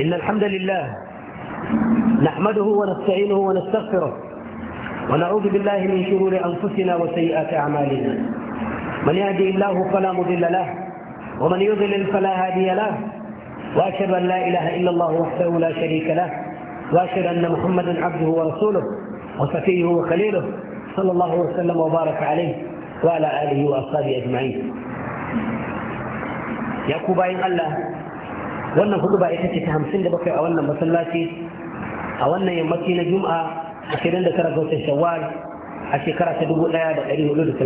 إن الحمد لله نحمده ونستعينه ونستغفره ونعوذ بالله من شرور أنفسنا وسيئات أعمالنا من يهدي الله فلا مضل له ومن يضلل فلا هادي له واشهد ان لا اله الا الله وحده لا شريك له واشهد ان محمدا عبده ورسوله وصفيه وخليله صلى الله وسلم وبارك عليه وعلى اله واصحابه اجمعين يا كوباين الله wannan hutuba ita ce ta 57 a wannan masallaci a wannan yammaci na juma'a a 29 ga watan shawwal a shekara ta 1431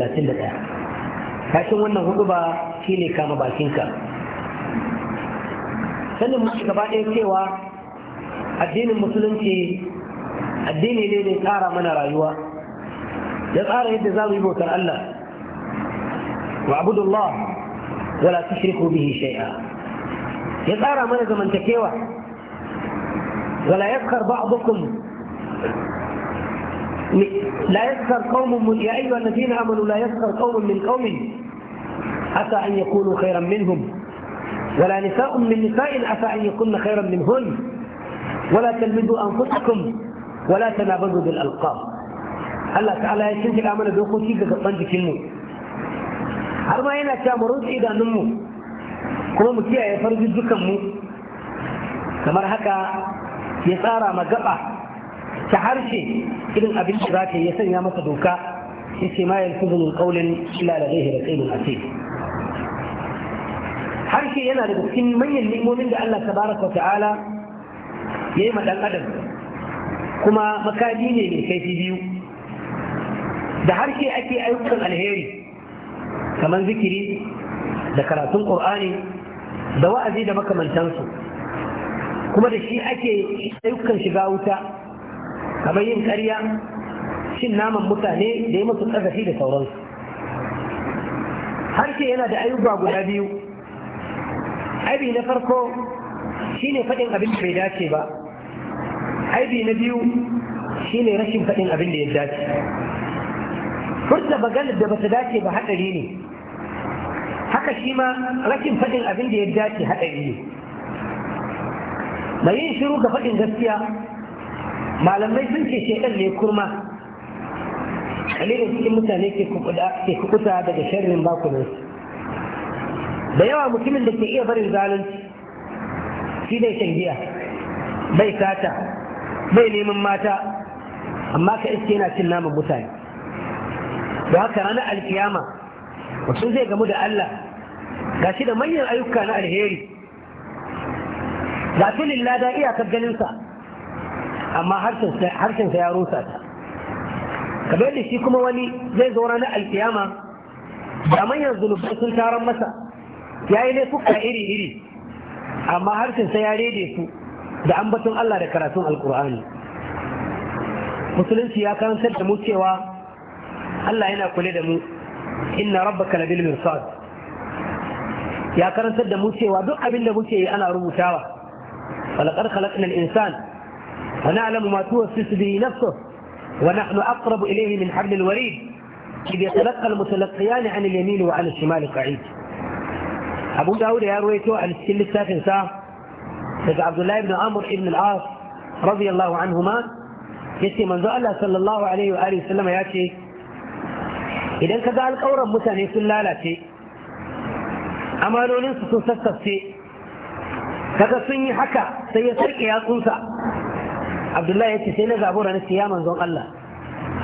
kashin wannan hudu ba shine kama bakinka sannan mu gaba ɗaya cewa addinin musulunci addini ne ne tsara mana rayuwa ya tsara yadda za mu yi bautar Allah wa abudullah wala tushriku bihi shay'a ya tsara mana zamantakewa wala yakhar ba'dukum لا يسخر قوم من يا أيها الذين آمنوا لا يسخر قوم من قوم عسى أن يكونوا خيرا منهم ولا نساء من نساء عسى أن يكون خيرا منهن ولا تلمذوا أنفسكم ولا تنابذوا بالألقاب الله تعالى ya الامانه mana dokoki ga gaban jikinmu har ma yana cewa mu rutsa idanunmu kuma mu kiyaye farjin dukanmu kamar haka ya tsara magaba ta harshe irin abin da za ka ya sanya masa doka yace ma yalfuzu ƙaunin qawlin da ladayhi a atid harshe yana da cikin manyan ni'imomin da Allah tabaraka ta'ala yayi ma dan adam kuma makaji ne mai kaifi biyu da harshe ake ayyukan alheri kamar zikiri da karatun ƙur'ani da wa'azi da makamantansu kuma da shi ake ayyukan shiga wuta kamar yin ƙarya cin naman mutane da yi musu ƙazafi da sauransu harshe yana da ayyuka guda biyu aibi na farko shine faɗin abin da bai dace ba aibi na biyu shine rashin faɗin abin da ya dace furta maganar da bata dace ba haɗari ne haka shi ma rashin faɗin abin da ya dace haɗari ne mai yin shiru ga faɗin gaskiya malamai sun ce shekar ne kurma kalilin cikin mutane ke kukuta daga sharrin bakunan da yawa mutumin da ke iya barin zalunci shi dai shan giya bai sata bai neman mata amma ka iske yana cin naman mutane da haka ranar alkiyama mutum zai gamu da Allah ga shi da manyan ayyuka na alheri ga filin lada iyakar ganinsa amma harshensa ya rusa ta kamar da shi kuma wani zai zo ranar alkiyama da manyan zunubai sun taron masa ya yi laifuka iri-iri amma harshensa ya rede su da ambaton Allah da karatun alkur'ani musulunci ya karantar da mu cewa Allah yana kule da mu inna rabbaka labil mirsad ya karantar da mu cewa duk abin da muke yi ana rubutawa walaqad khalaqnal insana ونعلم ما توسوس به نفسه ونحن أقرب إليه من حبل الوريد إذ يتلقى المتلقيان عن اليمين وعن الشمال قعيد أبو داود يرويته عن السن الساكن ساعة سيد عبد الله بن عمر بن العاص رضي الله عنهما يأتي من ذو الله صلى الله عليه وآله وسلم يأتي إذا كذا القورة مثلا يقول لا لا شيء أما لو ننسى تنسى تفسي كذا سني حكا سيسرك يا قنصة abdullahi ya ce sai na zabura na siya manzon Allah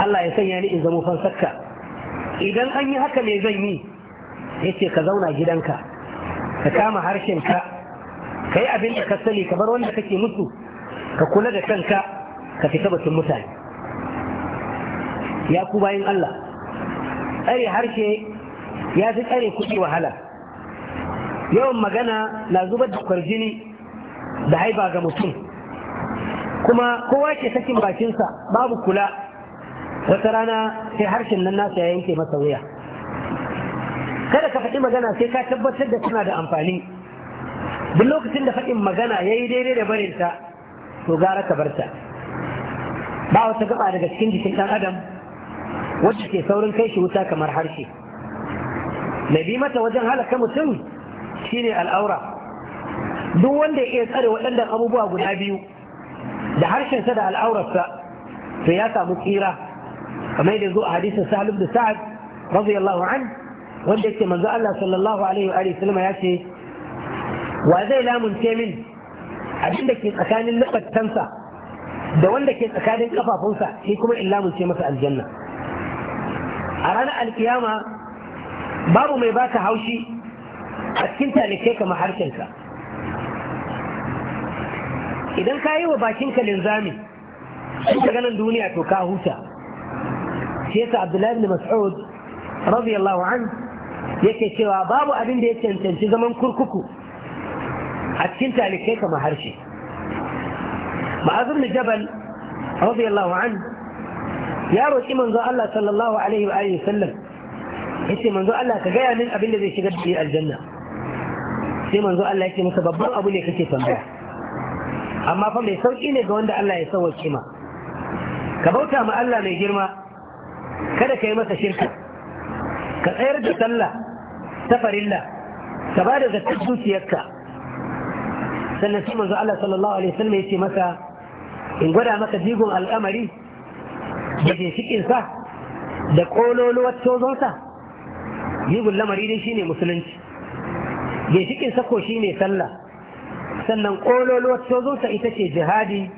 Allah ya sanya ni in zamo fansakka idan an yi haka ne zan yi ya ce ka zauna gidanka ka kama harshenka ka yi abin da ka sani ka bar wanda kake mutu, ka kula da kanka ka fita batun mutane ya ku bayan Allah tsare harshe ya fi tsare kuɗi wahala yawan magana na zubar da kwarjini da haiba ga mutum kuma kowa ke sakin bakinsa babu kula wata rana sai harshen nan nasa ya yanke masa wuya kada ka faɗi magana sai ka tabbatar da tana da amfani duk lokacin da faɗin magana ya yi daidai da barinta to gara ka barta ba wata gaba daga cikin jikin ɗan adam wacce ke saurin kai shi wuta kamar harshe na bi mata wajen halaka mutum shine al'aura duk wanda ya iya tsare waɗannan abubuwa guda biyu da harshensa da al'aurarsa to ya samu tsira kamar da zo a hadisin salim da sa'ad radiyallahu an wanda yake manzo Allah sallallahu alaihi wa sallam ya ce wa zai lamunce min abin da ke tsakanin lubattansa da wanda ke tsakanin kafafunsa sai kuma in lamunce masa aljanna a ranar alkiyama babu mai baka haushi a cikin talikai kamar harshenka idan ka yi wa bakinka linzami in ka ganin duniya to ka huta shi yasa abdullahi bin mas'ud radiyallahu an yake cewa babu abin da ya cancanci zaman kurkuku a cikin talikai kamar harshe ma'azin da jabal radiyallahu an ya roƙi manzo Allah sallallahu alaihi wa alihi sallam yace manzo Allah ka gaya min abin da zai shigar da aljanna sai manzo Allah yake masa babban abu ne kake tambaya amma fa mai sauƙi ne ga wanda Allah ya sauwace ma ka bauta ma Allah mai girma kada ka yi masa shirka ka tsayar da sallah ta farilla ka ba da zakar zuciyarka sannan sai manzo Allah sallallahu alaihi wasallam ya ce masa in gwada maka jigon al'amari da ginshikinsa da kololuwar tozonsa jigon lamari dai shine musulunci ginshikinsa ko shine sallah sannan kololo ta ita ce jihadi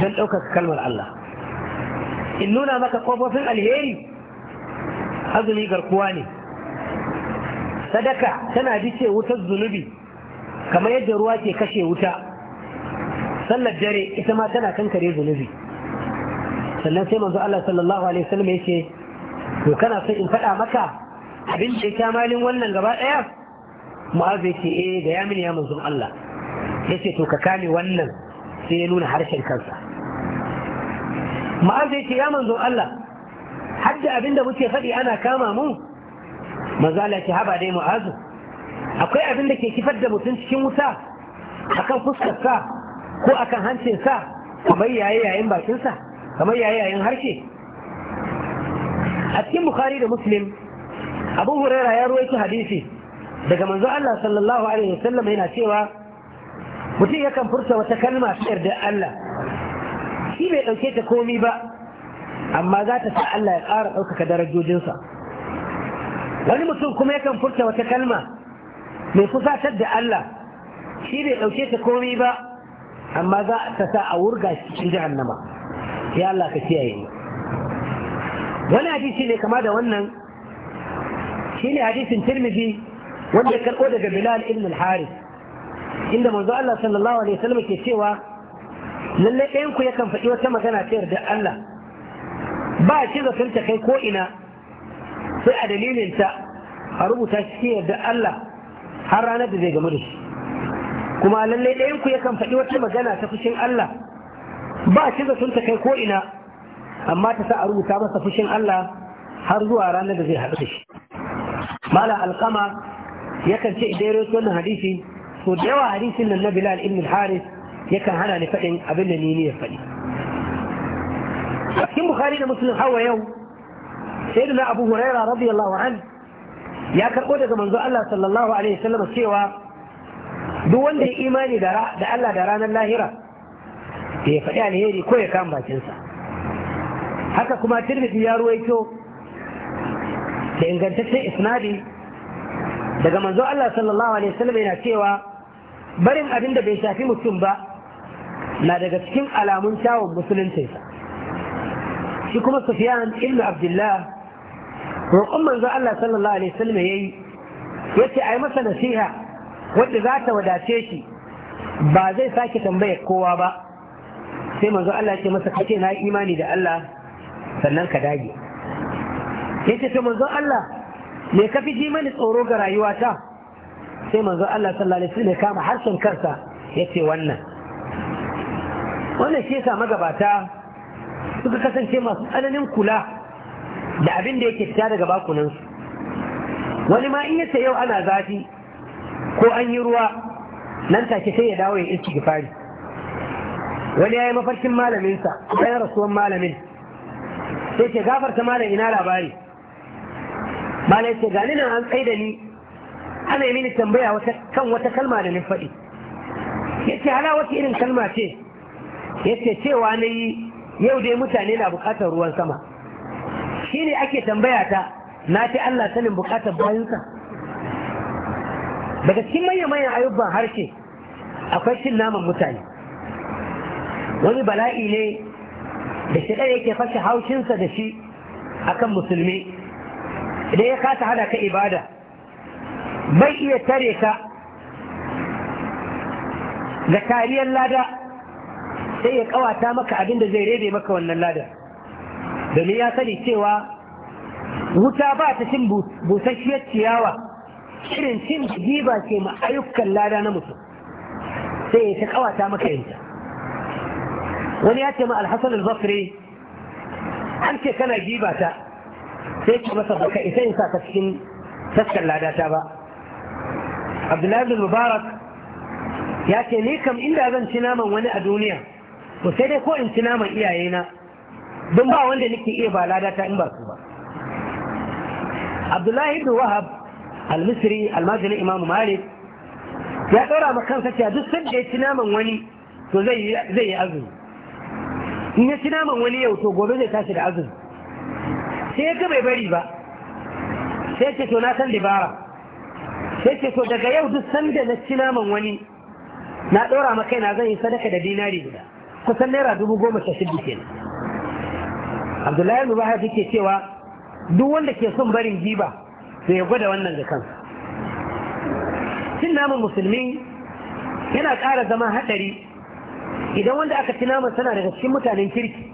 don ɗaukaka kalmar Allah in nuna maka kofofin alheri azumi garkuwa ne sadaka tana bice wutar zunubi kamar yadda ruwa ke kashe wuta sallar dare ita ma tana kankare zunubi sannan sai manzo Allah sallallahu alaihi wasallam yake to kana son in faɗa maka abin da ya malin wannan gaba ɗaya mu'az yake eh da ya mini ya manzon Allah ya ce to ka kame wannan sai ya nuna harshen kansa ma'az ya ce ya manzo Allah hadda abinda muke faɗi ana kama mu manzo ce haba dai mu'azu akwai abin da ke kifar da mutum cikin wuta akan fuskarsa ko akan hancinsa kamar yaye yayin bakinsa kamar yaye yayin harshe a cikin bukhari da muslim abu huraira ya ruwaito hadisi daga manzo Allah sallallahu alaihi wasallam yana cewa mutum yakan furta wata kalma ta da Allah shi bai ɗauke ta komi ba amma za ta sa Allah ya ƙara ɗaukaka darajojinsa wani mutum kuma yakan furta wata kalma mai kusatar da Allah shi bai ɗauke ta komi ba amma za ta sa a wurga cikin jahannama ya Allah ka kiyaye ni wani hadisi ne kama da wannan shi ne hadisin tirmidhi wanda ya karɓo daga bilal ibn al-harith inda manzo Allah sallallahu alaihi wasallam ke cewa lalle ɗayan ku yakan faɗi wata magana ta yarda Allah ba shi zaton ta kai ko ina sai a dalilinta a rubuta shi yarda Allah har ranar da zai gamu da shi kuma lalle ɗayan ku yakan faɗi wata magana ta fushin Allah ba shi zaton ta kai ko ina amma ta sa a rubuta masa fushin Allah har zuwa ranar da zai haɗu da shi mala alƙama yakan ce idan ya wannan hadisi to da yawa hadisin nan na bilal ibn haris yakan hana ni faɗin abin da ni ne ya faɗi a cikin bukhari da Musulun hawa yau sai da abu huraira radiyallahu an ya karɓo daga manzo allah sallallahu alaihi wasallam cewa duk wanda ya imani da allah da ranar lahira da ya faɗi alheri ko ya kama bakinsa haka kuma tirmidhi ya ruwaito da ingantaccen isnadi daga manzo allah sallallahu alaihi wasallam yana cewa barin abin da bai shafi mutum ba na daga cikin alamun kyawun musulunci shi kuma sufiyan ibn abdullah roƙon manzo Allah sallallahu alaihi wasallam yayi yace ai masa nasiha wanda za ta wadace shi ba zai sake tambaya kowa ba sai manzo Allah ce masa kace na imani da Allah sannan ka dage yace to manzo Allah me ka fi ji mani tsoro ga rayuwata sai manzo Allah sallallahu alaihi wasallam ya kama harshen kansa yace wannan wannan shi yasa magabata suka kasance masu tsananin kula da abin da yake fita daga su. wani ma in yace yau ana zafi ko an yi ruwa nan take sai ya dawo ya istighfari wani yayi mafarkin malaminsa bayan rasuwan malamin sai ke gafarta malam ina labari malai ce gani nan an tsaye da ni ana mini tambaya wata kan wata kalma da na faɗi yace hala wata irin kalma ce yace cewa na yi yau dai mutane na buƙatar ruwan sama Shi ne ake tambaya ta na ce Allah sanin buƙatar bayansa daga cikin manyan manyan ayyuban harshe akwai cin naman mutane wani bala'i ne da shi yake fashe haushinsa da shi akan musulmi idan ya kasa hada ka ibada bai iya tare ka da kariyar lada sai ya kawata maka abin da zai rebe maka wannan lada domin ya sani cewa wuta ba ta cin busasshiyar ciyawa irin cin jiba ce ma ayyukan lada na mutum sai ya kawata maka yanta wani ya ce ma alhassan al-basri an ce kana jiba ta sai ce masa baka isa isa sa ka cikin taskar lada ta ba abdullahi bin mubarak ya ce ni kam inda zan ci naman wani a duniya to sai dai ko in ci naman iyayena don ba wanda nake iya ba ladata in ba su ba abdullahi Ibn wahab al-misri almajirin imam malik ya ɗora ma kansa cewa duk sanda ya ci naman wani to zai yi azumi in ya ci naman wani yau to gobe zai tashi da azumi sai ya ga bai bari ba sai ce to na san dabara sai ce to daga yau duk sanda na ci naman wani na ɗora ma kaina zan yi sadaka da dinari guda kusan naira dubu goma sha shida kenan abdullahi mubarak yake cewa duk wanda ke son barin giba to ya gwada wannan da kansa cin naman musulmi yana ƙara zama hatsari idan wanda aka ci naman sana daga cikin mutanen kirki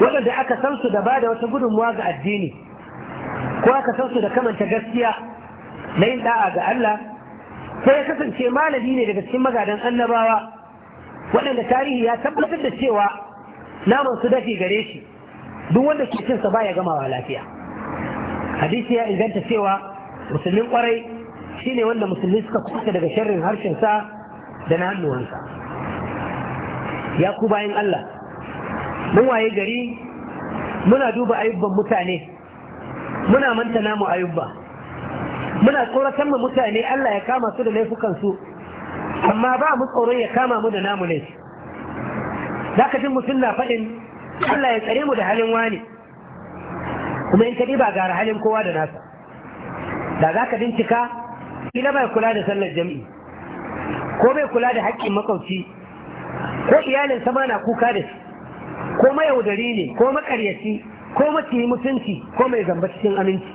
waɗanda aka san su da ba da wata gudunmuwa ga addini ko aka san su da kamanta gaskiya na yin da'a ga Allah sai ya kasance malami ne daga cikin magadan annabawa waɗanda tarihi ya tabbatar da cewa naman su dafi gare shi duk wanda ke cinsa baya gamawa lafiya hadisi ya inganta cewa musulmin kwarai shine wanda musulmi suka kusa daga sharrin sa da na hannuwansa ya ku bayan Allah mun waye gari muna duba ayyuban mutane muna manta namu ayyuba muna tsoratar mu mutane Allah ya kama su da laifukan su amma ba mu tsoron ya kama mu da namu ne za ka jin mutum na faɗin Allah ya tsare mu da halin wani kuma in ka ba gara halin kowa da nasa da za ka bincika kila bai kula da sallar jam'i, ko bai kula da haƙƙin makwabci ko iyalin sama na kuka da shi ko mayaudari ne ko maƙaryaci, ko mutunci ko mai zamba cikin aminci